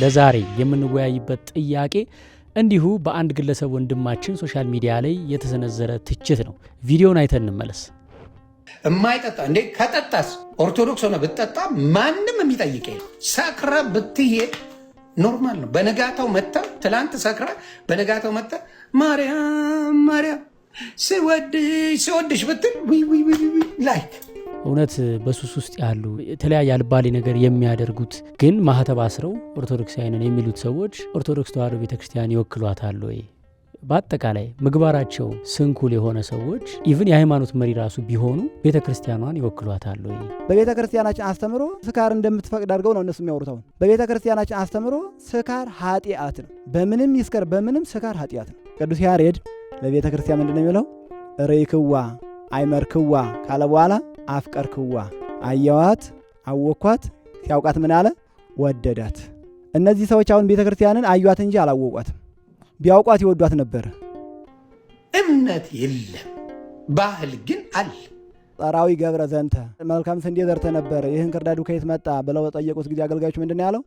ለዛሬ የምንወያይበት ጥያቄ እንዲሁ በአንድ ግለሰብ ወንድማችን ሶሻል ሚዲያ ላይ የተሰነዘረ ትችት ነው። ቪዲዮን አይተን እንመለስ። የማይጠጣ እንዴ? ከጠጣስ ኦርቶዶክስ ሆነ ብትጠጣ ማንም የሚጠይቀ ሰክረ ብትሄድ ኖርማል ነው። በነጋታው መታ ትላንት ሰክረ በነጋታው መታ ማርያም ማርያም ስወድሽ ስወድሽ ብትል ላይክ እውነት በሱስ ውስጥ ያሉ የተለያየ አልባሌ ነገር የሚያደርጉት ግን ማህተብ አስረው ኦርቶዶክሳዊንን የሚሉት ሰዎች ኦርቶዶክስ ተዋሕዶ ቤተክርስቲያን ይወክሏታል ወይ? በአጠቃላይ ምግባራቸው ስንኩል የሆነ ሰዎች ኢቭን የሃይማኖት መሪ ራሱ ቢሆኑ ቤተ ክርስቲያኗን ይወክሏታል ወይ? በቤተ ክርስቲያናችን አስተምሮ ስካር እንደምትፈቅድ አድርገው ነው እነሱ የሚያወሩት። አሁን በቤተ ክርስቲያናችን አስተምሮ ስካር ኃጢአት ነው። በምንም ይስከር፣ በምንም ስካር ኃጢአት ነው። ቅዱስ ያሬድ ለቤተ ክርስቲያን ምንድን ነው የሚለው? ርኢክዋ አይመርክዋ ካለ በኋላ አፍቀርክዋ አየዋት አወኳት ሲያውቃት ምን አለ ወደዳት። እነዚህ ሰዎች አሁን ቤተ ክርስቲያንን አዩዋት እንጂ አላወቋትም። ቢያውቋት ይወዷት ነበር። እምነት የለም፣ ባህል ግን አለ። ጸራዊ ገብረ ዘንተ መልካም ስንዴ ዘርተ ነበር፣ ይህን ክርዳዱ ከየት መጣ ብለው በጠየቁት ጊዜ አገልጋዮች ምንድን ነው ያለው?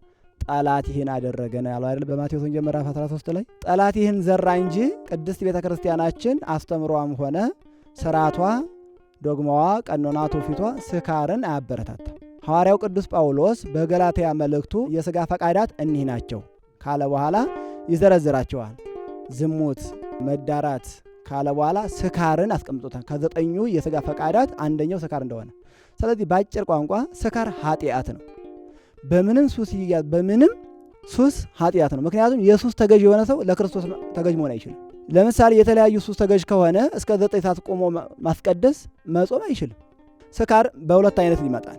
ጠላት ይህን አደረገ ነው ያለው አይደል? በማቴዎስ ወንጌል ምዕራፍ 13 ላይ ጠላት ይህን ዘራ እንጂ ቅድስት ቤተ ክርስቲያናችን አስተምሯም ሆነ ስርዓቷ ዶግማዋ፣ ቀኖና፣ ትውፊቷ ስካርን አያበረታታም። ሐዋርያው ቅዱስ ጳውሎስ በገላትያ መልእክቱ የሥጋ ፈቃዳት እኒህ ናቸው ካለ በኋላ ይዘረዝራቸዋል። ዝሙት፣ መዳራት ካለ በኋላ ስካርን አስቀምጦታል። ከዘጠኙ የሥጋ ፈቃዳት አንደኛው ስካር እንደሆነ። ስለዚህ በአጭር ቋንቋ ስካር ኃጢአት ነው። በምንም ሱስ በምንም ሱስ ኃጢአት ነው። ምክንያቱም የሱስ ተገዥ የሆነ ሰው ለክርስቶስ ተገዥ መሆን አይችልም። ለምሳሌ የተለያዩ ሱስ ተገዥ ከሆነ እስከ ዘጠኝ ሰዓት ቆሞ ማስቀደስ መጾም አይችልም። ስካር በሁለት አይነት ይመጣል።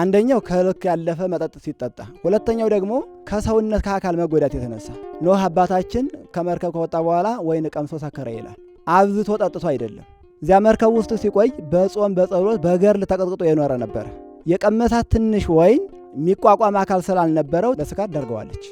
አንደኛው ከልክ ያለፈ መጠጥ ሲጠጣ፣ ሁለተኛው ደግሞ ከሰውነት ከአካል መጎዳት የተነሳ ኖህ አባታችን ከመርከብ ከወጣ በኋላ ወይን ቀምሶ ሰከረ ይላል። አብዝቶ ጠጥቶ አይደለም። እዚያ መርከብ ውስጥ ሲቆይ በጾም በጸሎት በገርል ተቀጥቅጦ የኖረ ነበረ። የቀመሳት ትንሽ ወይን የሚቋቋም አካል ስላልነበረው ለስካር ደርገዋለች።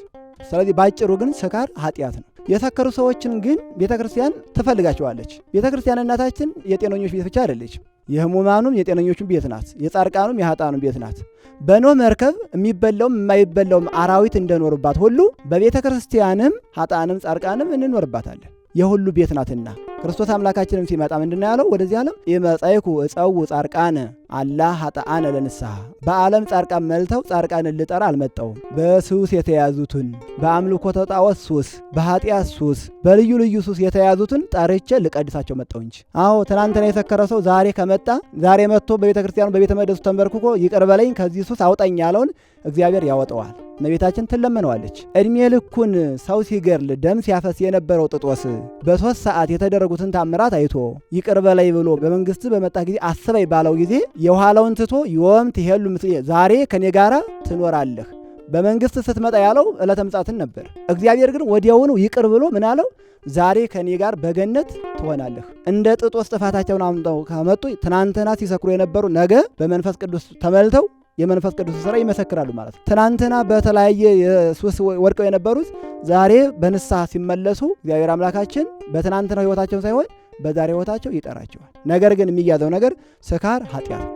ስለዚህ ባጭሩ ግን ስካር ኃጢአት ነው። የሰከሩ ሰዎችን ግን ቤተ ክርስቲያን ትፈልጋቸዋለች። ቤተ ክርስቲያን እናታችን የጤነኞች ቤት ብቻ አይደለችም። የህሙማኑም የጤነኞቹም ቤት ናት። የጻድቃኑም የሀጣኑም ቤት ናት። በኖህ መርከብ የሚበላውም የማይበላውም አራዊት እንደኖርባት ሁሉ በቤተ ክርስቲያንም ሀጣንም ጻድቃንም እንኖርባታለን። የሁሉ ቤት ናትና ክርስቶስ አምላካችንም ሲመጣ ምንድን ያለው? ወደዚህ ዓለም ይመጻይኩ እፀው ጻርቃን አላ ኃጥአነ ለንስሐ በዓለም ጻርቃን መልተው ጻርቃን ልጠራ አልመጣውም። በሱስ የተያዙትን በአምልኮ ጣዖት ሱስ፣ በኃጢአት ሱስ፣ በልዩ ልዩ ሱስ የተያዙትን ጠርቼ ልቀድሳቸው መጣው እንጂ። አዎ ትናንትና የሰከረ ሰው ዛሬ ከመጣ ዛሬ መጥቶ በቤተ ክርስቲያኑ በቤተ መቅደሱ ተንበርክኮ ይቅር በለኝ ከዚህ ሱስ አውጣኝ ያለውን እግዚአብሔር ያወጠዋል። እመቤታችን ትለምነዋለች። ዕድሜ ልኩን ሰው ሲገድል ደም ሲያፈስ የነበረው ጥጦስ በሦስት ሰዓት የተደረጉ ያደረጉትን ታምራት አይቶ ይቅር በላይ ብሎ በመንግስት በመጣ ጊዜ አስበይ ባለው ጊዜ የኋላውን ትቶ ዮም ትሄሉ ምስሌ ዛሬ ከኔ ጋር ትኖራለህ። በመንግስት ስትመጣ ያለው ዕለተ ምጽአትን ነበር። እግዚአብሔር ግን ወዲያውኑ ይቅር ብሎ ምን አለው? ዛሬ ከኔ ጋር በገነት ትሆናለህ። እንደ ጥጦስ ጥፋታቸውን አምጠው ከመጡ ትናንትና ሲሰክሩ የነበሩ ነገ በመንፈስ ቅዱስ ተመልተው የመንፈስ ቅዱስ ስራ ይመሰክራሉ ማለት ነው። ትናንትና በተለያየ የሱስ ወድቀው የነበሩት ዛሬ በንስሐ ሲመለሱ እግዚአብሔር አምላካችን በትናንትናው ህይወታቸው ሳይሆን በዛሬ ህይወታቸው ይጠራቸዋል። ነገር ግን የሚያዘው ነገር ስካር፣ ኃጢአት።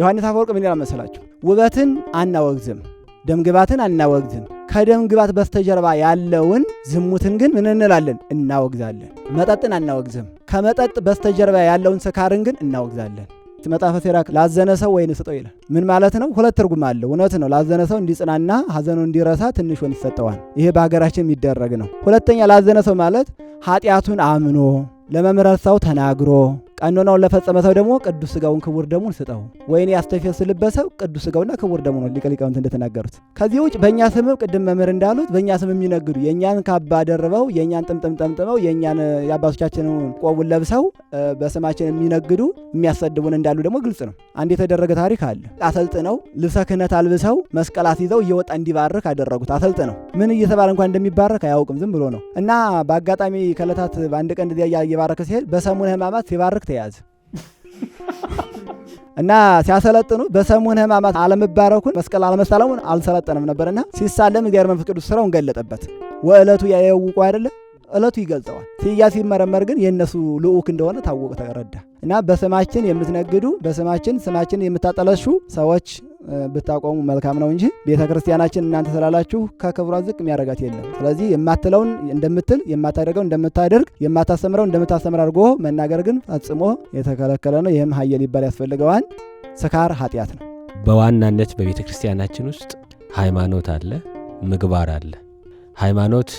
ዮሐንስ አፈወርቅ ምን ይላል መሰላችሁ? ውበትን አናወግዝም፣ ደምግባትን አናወግዝም፣ ከደምግባት በስተጀርባ ያለውን ዝሙትን ግን ምን እንላለን? እናወግዛለን። መጠጥን አናወግዝም፣ ከመጠጥ በስተጀርባ ያለውን ስካርን ግን እናወግዛለን። መጽሐፈ ሲራክ ላዘነ ሰው ወይን ስጠው ይላል። ምን ማለት ነው? ሁለት ትርጉም አለው። እውነት ነው። ላዘነ ሰው እንዲጽናና ሀዘኑ እንዲረሳ ትንሽ ወይን ይሰጠዋል። ይሄ በሀገራችን የሚደረግ ነው። ሁለተኛ ላዘነ ሰው ማለት ኃጢአቱን አምኖ ለመምህረት ሰው ተናግሮ ቀኖናውን ለፈጸመ ሰው ደግሞ ቅዱስ ስጋውን ክቡር ደሙን ስጠው፣ ወይኔ ያስተፈስልበት ሰው ቅዱስ ስጋውና ክቡር ደሙ ነው ሊቀ ሊቃውንት እንደተናገሩት። ከዚህ ውጭ በእኛ ስምም ቅድም መምህር እንዳሉት በእኛ ስም የሚነግዱ የእኛን ካባ ደርበው የእኛን ጥምጥም ጠምጥመው የእኛን የአባቶቻችንን ቆቡን ለብሰው በስማችን የሚነግዱ የሚያሰድቡን እንዳሉ ደግሞ ግልጽ ነው። አንድ የተደረገ ታሪክ አለ። አሰልጥነው ልብሰ ክህነት አልብሰው መስቀላት ይዘው እየወጣ እንዲባርክ አደረጉት። አሰልጥነው ምን እየተባለ እንኳ እንደሚባረክ አያውቅም፣ ዝም ብሎ ነው እና በአጋጣሚ ከዕለታት በአንድ ቀን እዚያ እየባረከ ሲሄድ በሰሙነ ህማማት ሲባርክ ተያዘ እና ሲያሰለጥኑ በሰሙን ህማማት አለመባረኩን መስቀል አለመሳለሙን አልሰለጠንም ነበርና ሲሳለም እግዚአር መንፈስ ቅዱስ ስራውን ገለጠበት። ወእለቱ ያየውቁ አይደለም እለቱ ይገልጠዋል። ሲያ ሲመረመር ግን የእነሱ ልዑክ እንደሆነ ታወቅ ተረዳ። እና በስማችን የምትነግዱ በስማችን ስማችን የምታጠለሹ ሰዎች ብታቆሙ መልካም ነው እንጂ ቤተ ክርስቲያናችን እናንተ ስላላችሁ ከክብሯ ዝቅ የሚያደርጋት የለም። ስለዚህ የማትለውን እንደምትል የማታደርገው እንደምታደርግ የማታሰምረው እንደምታሰምር አድርጎ መናገር ግን ፈጽሞ የተከለከለ ነው። ይህም ሀየ ሊባል ያስፈልገዋል። ስካር ኃጢአት ነው። በዋናነት በቤተ ክርስቲያናችን ውስጥ ሃይማኖት አለ፣ ምግባር አለ። ሃይማኖት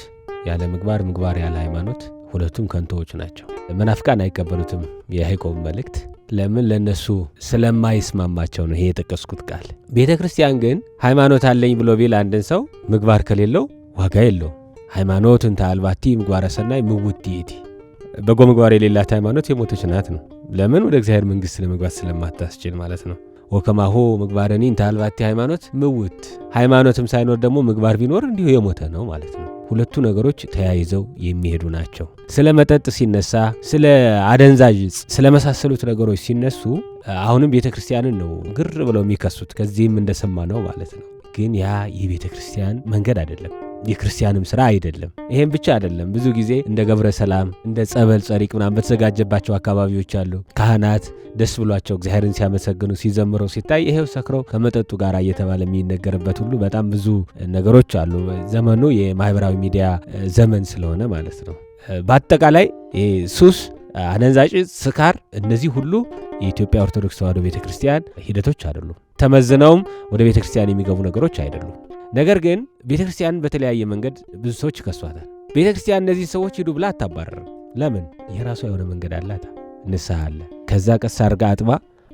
ያለ ምግባር፣ ምግባር ያለ ሃይማኖት ሁለቱም ከንቶዎች ናቸው። መናፍቃን አይቀበሉትም የያዕቆብ መልእክት ለምን ለነሱ ስለማይስማማቸው ነው ይሄ የጠቀስኩት ቃል። ቤተ ክርስቲያን ግን ሃይማኖት አለኝ ብሎ ቢል አንድን ሰው ምግባር ከሌለው ዋጋ የለው ሃይማኖት እንተ አልባቲ ምግባረ ሰናይ ምውት ይእቲ፣ በጎ ምግባር የሌላት ሃይማኖት የሞተች ናት ነው። ለምን ወደ እግዚአብሔር መንግሥት ለመግባት ስለማታስችል ማለት ነው። ወከማሆ ምግባረኒ እንተ አልባቲ ሃይማኖት ምውት፣ ሃይማኖትም ሳይኖር ደግሞ ምግባር ቢኖር እንዲሁ የሞተ ነው ማለት ነው። ሁለቱ ነገሮች ተያይዘው የሚሄዱ ናቸው። ስለ መጠጥ ሲነሳ፣ ስለ አደንዛዥ ስለመሳሰሉት ነገሮች ሲነሱ አሁንም ቤተ ክርስቲያንን ነው ግር ብለው የሚከሱት። ከዚህም እንደሰማ ነው ማለት ነው። ግን ያ የቤተ ክርስቲያን መንገድ አይደለም። የክርስቲያንም ስራ አይደለም። ይሄም ብቻ አይደለም። ብዙ ጊዜ እንደ ገብረ ሰላም እንደ ጸበል ጸሪቅ ምናምን በተዘጋጀባቸው አካባቢዎች አሉ ካህናት ደስ ብሏቸው እግዚአብሔርን ሲያመሰግኑ ሲዘምረው ሲታይ ይሄው ሰክረው ከመጠጡ ጋር እየተባለ የሚነገርበት ሁሉ በጣም ብዙ ነገሮች አሉ። ዘመኑ የማህበራዊ ሚዲያ ዘመን ስለሆነ ማለት ነው። በአጠቃላይ ሱስ፣ አደንዛዥ ስካር እነዚህ ሁሉ የኢትዮጵያ ኦርቶዶክስ ተዋህዶ ቤተክርስቲያን ሂደቶች አይደሉም። ተመዝነውም ወደ ቤተክርስቲያን የሚገቡ ነገሮች አይደሉም። ነገር ግን ቤተ ክርስቲያን በተለያየ መንገድ ብዙ ሰዎች ይከሷታል። ቤተ ክርስቲያን እነዚህ ሰዎች ሂዱ ብላ አታባረርም። ለምን? የራሷ የሆነ መንገድ አላት። ንስሐ አለ። ከዛ ቀስ አርጋ አጥባ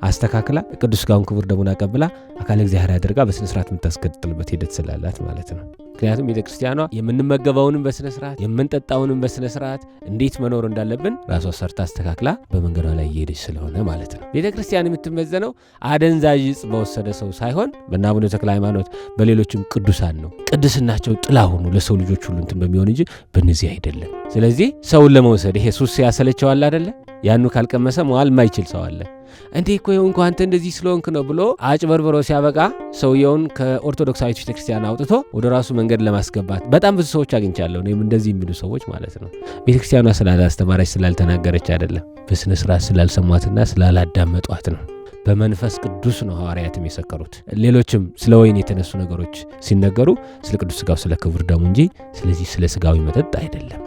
አስተካክላ ቅዱስ ጋሁን ክቡር ደሙን አቀብላ አካል እግዚአብሔር አድርጋ በስነስርዓት የምታስገጥልበት ሂደት ስላላት ማለት ነው። ምክንያቱም ቤተ ክርስቲያኗ የምንመገበውንም በስነ ስርዓት የምንጠጣውንም በስነ ስርዓት እንዴት መኖር እንዳለብን ራሷ ሰርታ አስተካክላ በመንገዷ ላይ እየሄደች ስለሆነ ማለት ነው። ቤተ ክርስቲያን የምትመዘነው አደንዛዥ ዕፅ በወሰደ ሰው ሳይሆን በእነ አቡነ ተክለ ሃይማኖት፣ በሌሎችም ቅዱሳን ነው። ቅድስናቸው ጥላ ሆኑ ለሰው ልጆች ሁሉ እንትን በሚሆን እንጂ በእነዚህ አይደለም። ስለዚህ ሰውን ለመውሰድ ይሄ ሱስ ያሰለቸዋል አደለ ያኑ ካልቀመሰ መዋል ማይችል ሰው አለ። እንዴ እኮ ይሁን እኮ አንተ እንደዚህ ስለሆንክ ነው ብሎ አጭበርብሮ ሲያበቃ ሰውየውን ከኦርቶዶክሳዊት ቤተክርስቲያን አውጥቶ ወደ ራሱ መንገድ መንገድ ለማስገባት በጣም ብዙ ሰዎች አግኝቻለሁ። እኔም እንደዚህ የሚሉ ሰዎች ማለት ነው። ቤተክርስቲያኗ ስላላስተማረች ስላልተናገረች አይደለም፣ በስነ ስርዓት ስላልሰሟትና ስላላዳመጧት ነው። በመንፈስ ቅዱስ ነው ሐዋርያትም የሰከሩት። ሌሎችም ስለ ወይን የተነሱ ነገሮች ሲነገሩ ስለ ቅዱስ ስጋው ስለ ክቡር ደሙ እንጂ ስለዚህ ስለ ስጋዊ መጠጥ አይደለም።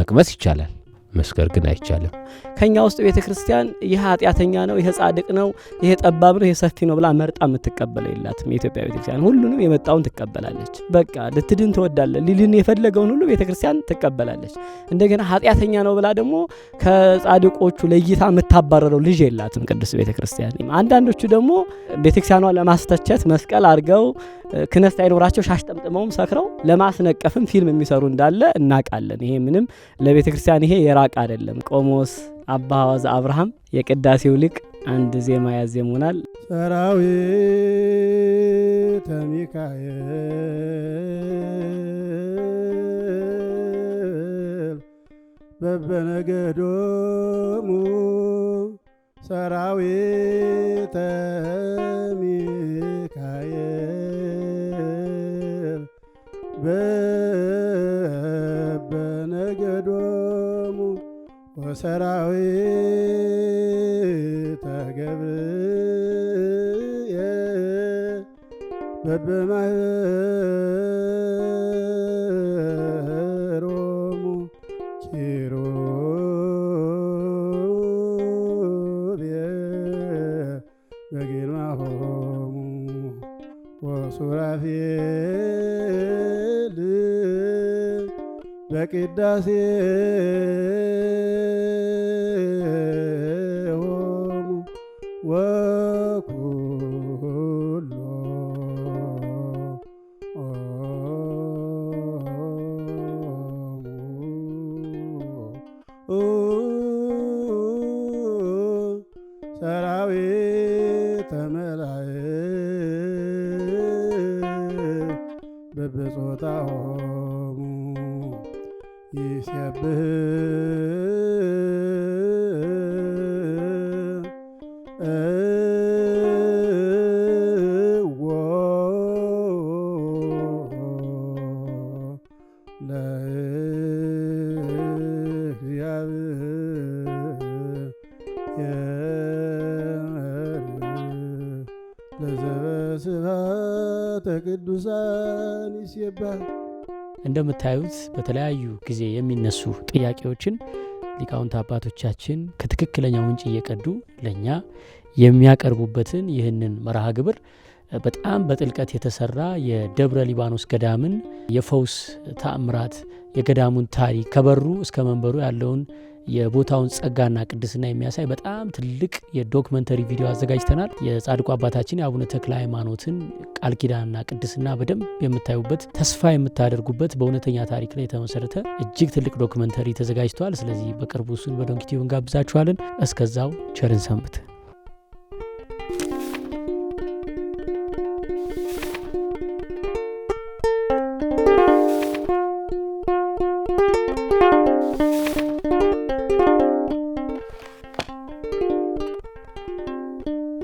መቅመስ ይቻላል። መስከር ግን አይቻልም። ከእኛ ውስጥ ቤተ ክርስቲያን ይህ ኃጢአተኛ ነው፣ ይህ ጻድቅ ነው፣ ይህ ጠባብ ነው፣ ይህ ሰፊ ነው ብላ መርጣ የምትቀበለው የላትም። የኢትዮጵያ ቤተ ክርስቲያን ሁሉንም የመጣውን ትቀበላለች። በቃ ልትድን ትወዳለህ ሊልን የፈለገውን ሁሉ ቤተ ክርስቲያን ትቀበላለች። እንደገና ኃጢአተኛ ነው ብላ ደግሞ ከጻድቆቹ ለይታ የምታባረረው ልጅ የላትም ቅዱስ ቤተ ክርስቲያን። አንዳንዶቹ ደግሞ ቤተ ክርስቲያኗ ለማስተቸት መስቀል አድርገው ክነስት አይኖራቸው ሻሽ ጠምጥመውም ሰክረው ለማስነቀፍም ፊልም የሚሰሩ እንዳለ እናውቃለን። ይሄ ምንም ለቤተ ክርስቲያን ይሄ የራቅ አይደለም። ቆሞስ አባ ሐዋዝ አብርሃም የቅዳሴው ሊቅ አንድ ዜማ ያዜሙናል። ሰራዊተ ሚካኤል በበነገዶሙ ሰራዊተ ሰራዊተ ገብርኤል በበማህሮሙ ኪሩቤል በግርማሆሙ ወሱራፌል በቅዳሴ ሲያብህ ቅዱሳን ይሴብሐት እንደምታዩት በተለያዩ ጊዜ የሚነሱ ጥያቄዎችን ሊቃውንት አባቶቻችን ከትክክለኛ ምንጭ እየቀዱ ለእኛ የሚያቀርቡበትን ይህንን መርሃ ግብር በጣም በጥልቀት የተሰራ የደብረ ሊባኖስ ገዳምን የፈውስ ተአምራት የገዳሙን ታሪክ ከበሩ እስከ መንበሩ ያለውን የቦታውን ጸጋና ቅድስና የሚያሳይ በጣም ትልቅ የዶክመንተሪ ቪዲዮ አዘጋጅተናል። የጻድቁ አባታችን የአቡነ ተክለ ሃይማኖትን ቃል ኪዳንና ቅድስና በደንብ የምታዩበት ተስፋ የምታደርጉበት በእውነተኛ ታሪክ ላይ የተመሰረተ እጅግ ትልቅ ዶክመንተሪ ተዘጋጅተዋል። ስለዚህ በቅርቡ እሱን በዶንኪቲዩብ እንጋብዛችኋለን። እስከዛው ቸርን ሰንብት።